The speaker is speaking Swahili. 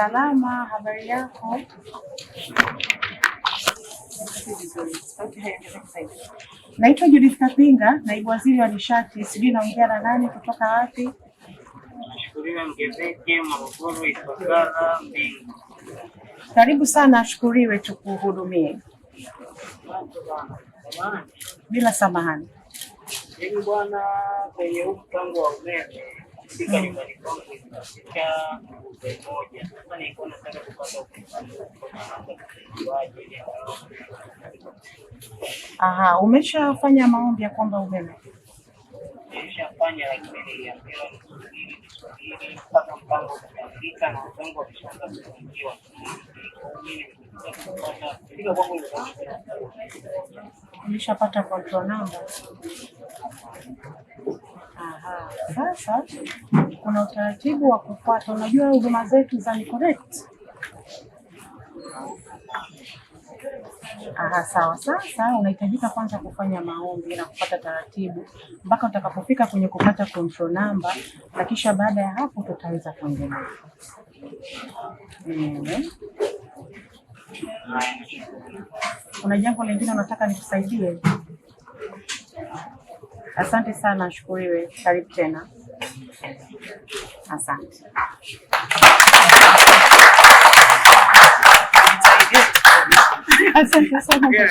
Salama, habari yako? Naitwa Judith Kapinga, naibu waziri wa nishati. Sijui naongea na nani, kutoka wapi? Karibu sana, ashukuriwe, tukuhudumie bila samahani. Bwana, kwenye mpango wa umeme Aha, umeshafanya maombi ya kwamba umeme? Nimeshafanya, lakini Umeshapata control number? Sasa kuna utaratibu wa kupata, unajua huduma zetu za NiConnect. Aha, sawa. Sasa unahitajika kwanza kufanya maombi na kupata taratibu mpaka utakapofika kwenye kupata control number, na kisha baada ya hapo tutaweza kuendelea. Mm. Kuna jambo lingine unataka nikusaidie? Asante sana, ashukuriwe. Karibu tena, asante. Asante sana.